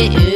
You.